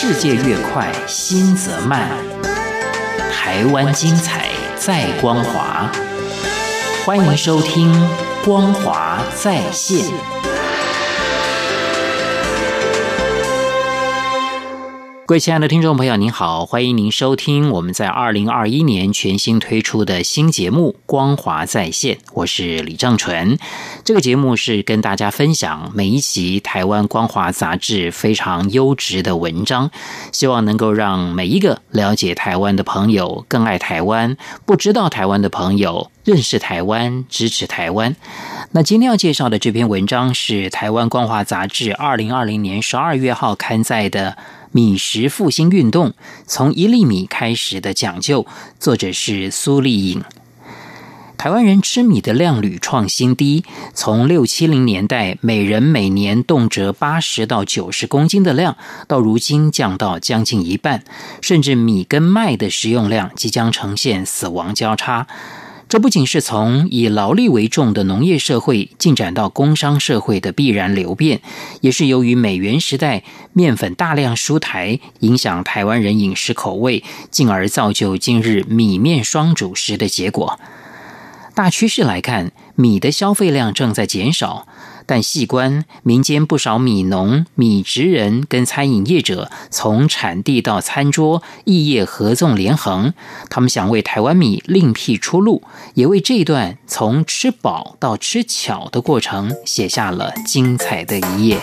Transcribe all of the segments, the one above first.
世界越快，心則慢。台灣精彩，在光華。歡迎收聽《光華再現》。各位親愛的聽眾朋友，您好，歡迎您收聽我們在二零二一年全新推出的新節目《光華在線》，我是李正淳。這個節目是跟大家分享每一期台灣《光華》雜誌非常優質的文章，希望能夠讓每一個了解台灣的朋友更愛台灣，不知道台灣的朋友認識台灣，支持台灣。那今天要介紹的這篇文章是《台灣光華》雜誌二零二零年十二月號刊載的。米食復興運動，從一粒米開始的講究，作者是蘇俐穎。台灣人吃米的量屢創新低，從六七零年代，每人每年動輒八十到九十公斤的量，到如今降到將近一半，甚至米跟麥的食用量即將呈現死亡交叉。這不僅是從以勞力為重的農業社會進展到工商社會的必然流變，也是由於美援時代麵粉大量輸台，影響台灣人飲食口味，進而造就今日米麵雙主食的結果。大趨勢來看，米的消費量正在減少。但細觀民間不少米農、米職人跟餐飲業者，從產地到餐桌，異業合縱連橫，他們想為台灣米另闢出路，也為這一段從吃飽到吃巧的過程寫下了精彩的一頁。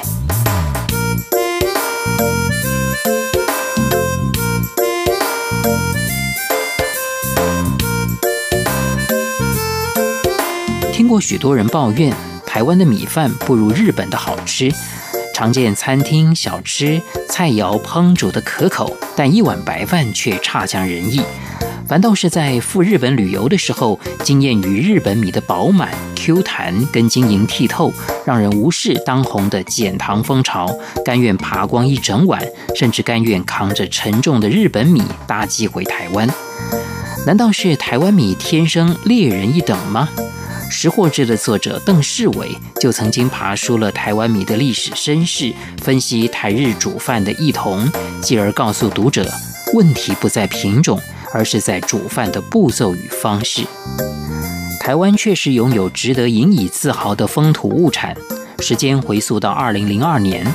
聽過許多人抱怨。台灣的米飯不如日本的好吃，常見餐廳小吃菜餚烹煮得可口，但一碗白飯卻差強人意。反倒是在赴日本旅遊的時候，驚豔於日本米的飽滿、Q 彈跟晶瑩剔透，讓人無視當紅的減糖風潮，甘願扒光一整碗，甚至甘願扛着沉重的日本米搭機回台灣。難道是台灣米天生劣人一等嗎？《食貨志》的作者鄧世偉就曾經爬梳了台灣米的歷史身世，分析台日煮飯的異同，繼而告訴讀者，問題不在品種，而是在煮飯的步驟與方式。台灣確實擁有值得引以自豪的風土物產。時間回溯到二零零二年，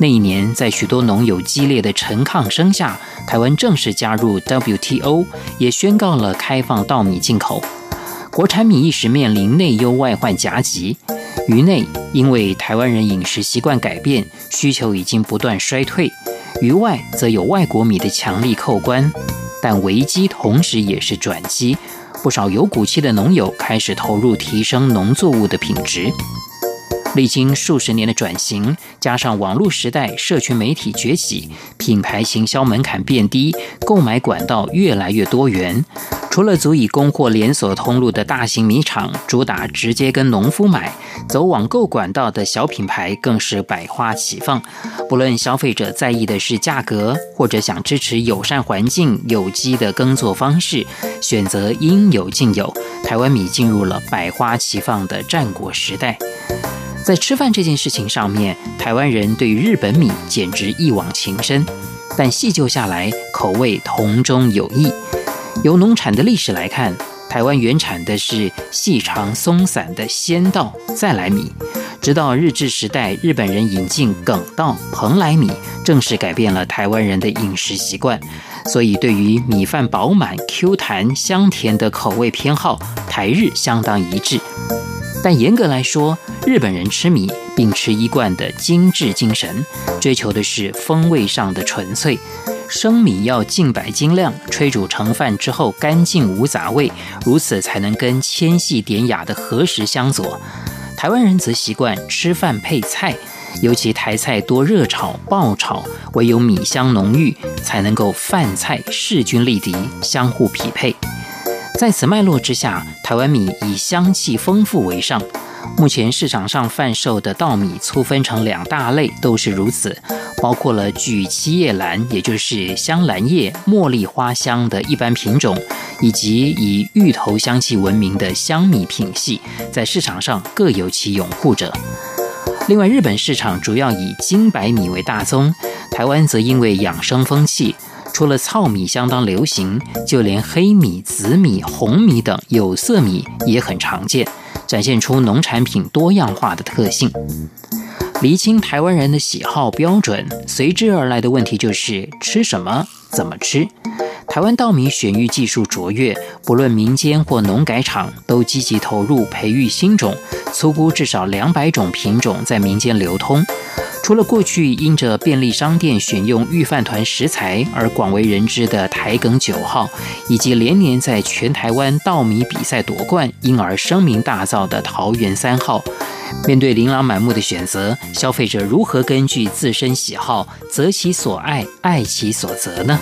那一年在許多農友激烈的陳抗聲下，台灣正式加入 WTO，也宣告了開放稻米進口。國產米一時面臨內憂外患夾擊，於內因為台灣人飲食習慣改變，需求已經不斷衰退；於外則有外國米的強力扣關。但危機同時也是轉機，不少有骨氣的農友開始投入提升農作物的品質。歷經數十年的轉型，加上網絡時代社群媒體崛起，品牌行銷門檻變低，購買管道越來越多元。除了足以供貨連鎖通路的大型米廠，主打直接跟農夫買、走網購管道的小品牌更是百花齊放。不論消費者在意的是價格，或者想支持友善環境、有機的耕作方式，選擇應有盡有。台灣米進入了百花齊放的戰國時代。在吃飯這件事情上面，台灣人對於日本米簡直一往情深，但細究下來，口味同中有異。由農產的歷史來看，台灣原產的是細長鬆散的秈稻再來米，直到日治時代，日本人引進粳稻蓬萊米，正式改變了台灣人的飲食習慣。所以，對於米飯飽滿、Q 彈香甜的口味偏好，台日相當一致。但嚴格來說，日本人吃米秉持一貫的精致精神，追求的是風味上的純粹。生米要淨白晶亮，炊煮成飯之後乾淨無雜味，如此才能跟纖細典雅的和食相佐。台灣人則習慣吃飯配菜，尤其台菜多熱炒、爆炒，唯有米香濃郁，才能夠飯菜勢均力敵，相互匹配。在此脈絡之下，台灣米以香氣豐富為上。目前市場上販售的稻米粗分成兩大類，都是如此，包括了具七葉蘭（也就是香蘭葉、茉莉花香）的一般品種，以及以芋頭香氣聞名的香米品系，在市場上各有其擁護者。另外，日本市場主要以精白米為大宗，台灣則因為養生風氣。除了糙米相當流行，就連黑米、紫米、紅米等有色米也很常見，展現出農產品多樣化的特性。釐清台灣人的喜好標準，隨之而來的問題就是吃什麼，怎麼吃。台灣稻米選育技術卓越，不論民間或農改場都積極投入培育新種，粗估至少兩百種品種在民間流通。除了過去因着便利商店選用御飯糰食材而廣為人知的台梗九號，以及連年在全台灣稻米比賽奪冠，因而聲名大噪的桃園三號，面對琳琅滿目的選擇，消費者如何根據自身喜好擇其所愛，愛其所擇呢？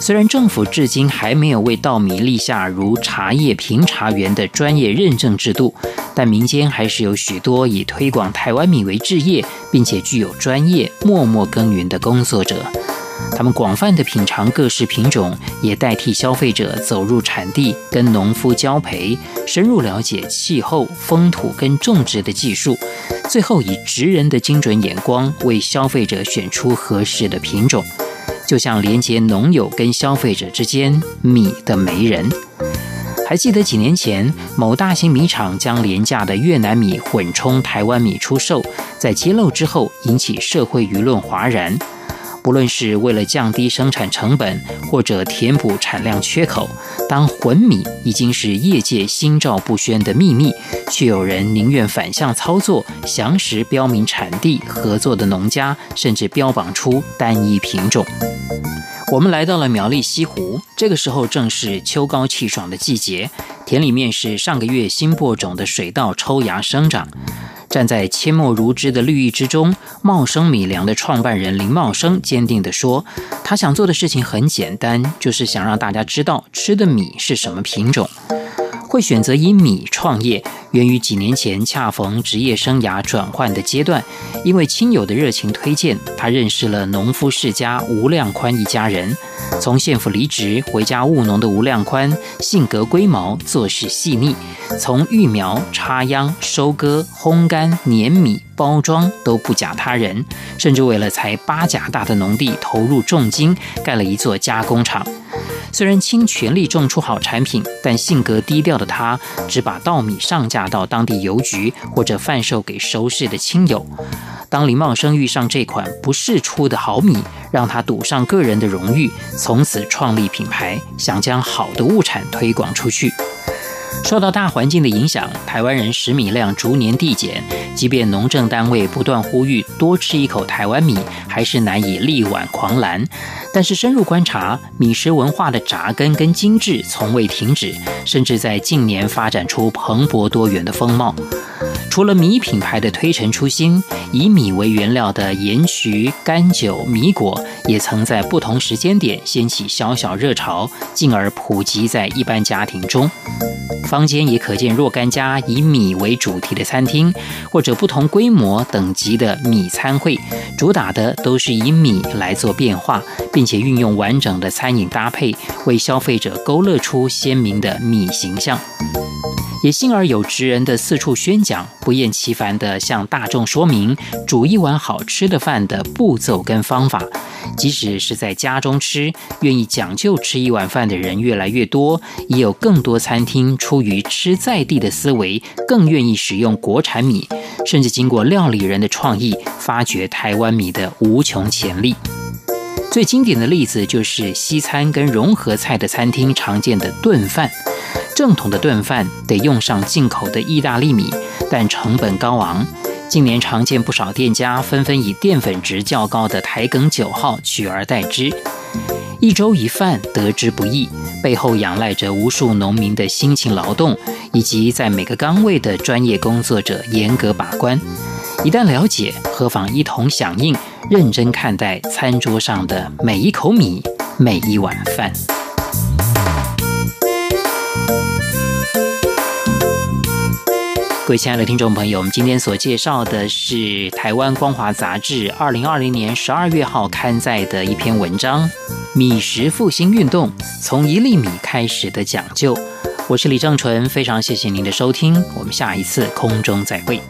雖然政府至今還沒有為稻米立下如茶葉評茶員的專業認證制度，但民間還是有許多以推廣台灣米為志業，並且具有專業默默耕耘的工作者。他們廣泛地品嘗各式品種，也代替消費者走入產地，跟農夫交陪，深入了解氣候、風土跟種植的技術，最後以職人的精準眼光為消費者選出合適的品種。就像連接農友跟消費者之間米的媒人，還記得幾年前某大型米廠將廉價的越南米混充台灣米出售，在揭露之後引起社會輿論嘩然。無論是為了降低生產成本，或者填補產量缺口，當混米已經是業界心照不宣的秘密，卻有人寧願反向操作，詳實標明產地、合作的農家，甚至標榜出單一品種。我們來到了苗栗西湖，這個時候正是秋高氣爽的季節，田裡面是上個月新播種的水稻抽芽生長。站在阡陌如織的綠意之中，茂生米糧的創辦人林茂生堅定地說，他想做的事情很簡單，就是想讓大家知道吃的米是什麼品種，會選擇以米創業。源於幾年前，恰逢職業生涯轉換的階段，因為親友的熱情推薦，他認識了農夫世家吳亮寬一家人。從縣府離職回家務農的吳亮寬，性格龜毛，做事細膩，從育苗、插秧、收割、烘乾、碾米。包裝都不假他人，甚至為了才八甲大的農地，投入重金蓋了一座加工廠。雖然傾全力種出好產品，但性格低調的他只把稻米上架到當地郵局或者販售給熟識的親友。當林茂生遇上這款不世出的好米，讓他賭上個人的榮譽，從此創立品牌，想將好的物產推廣出去。受到大環境的影響，台灣人食米量逐年遞減。即便農政單位不斷呼籲多吃一口台灣米，還是難以力挽狂瀾。但是深入觀察，米食文化的扎根跟精致從未停止，甚至在近年發展出蓬勃多元的風貌。除了米品牌的推陳出新，以米為原料的鹽麴、甘酒、米果也曾在不同時間點掀起小小熱潮，進而普及在一般家庭中。坊間也可見若干家以米為主題的餐廳，或者不同規模等級的米餐會，主打的都是以米來做變化，並且運用完整的餐飲搭配，為消費者勾勒出鮮明的米形象。也幸而有職人的四處宣講，不厭其煩地向大眾說明煮一碗好吃的飯的步驟跟方法。即使是在家中吃，願意講究吃一碗飯的人越來越多，也有更多餐廳出於吃在地的思維，更願意使用國產米，甚至經過料理人的創意，發掘台灣米的無窮潛力。最經典的例子就是西餐跟融合菜的餐廳常見的燉飯。正統的燉飯得用上進口的意大利米，但成本高昂。近年常見不少店家紛紛以澱粉值較高的台梗九號取而代之。一粥一飯得之不易，背後仰賴着無數農民的辛勤勞動，以及在每個崗位的專業工作者嚴格把關。一旦了解，何妨一同響應，認真看待餐桌上的每一口米，每一碗飯。各位親愛的聽眾朋友，我們今天所介紹的是台灣光華雜誌2020年12月號刊載的一篇文章《米食復興運動：從一粒米開始的講究》。我是李正淳，非常謝謝您的收聽，我們下一次空中再會。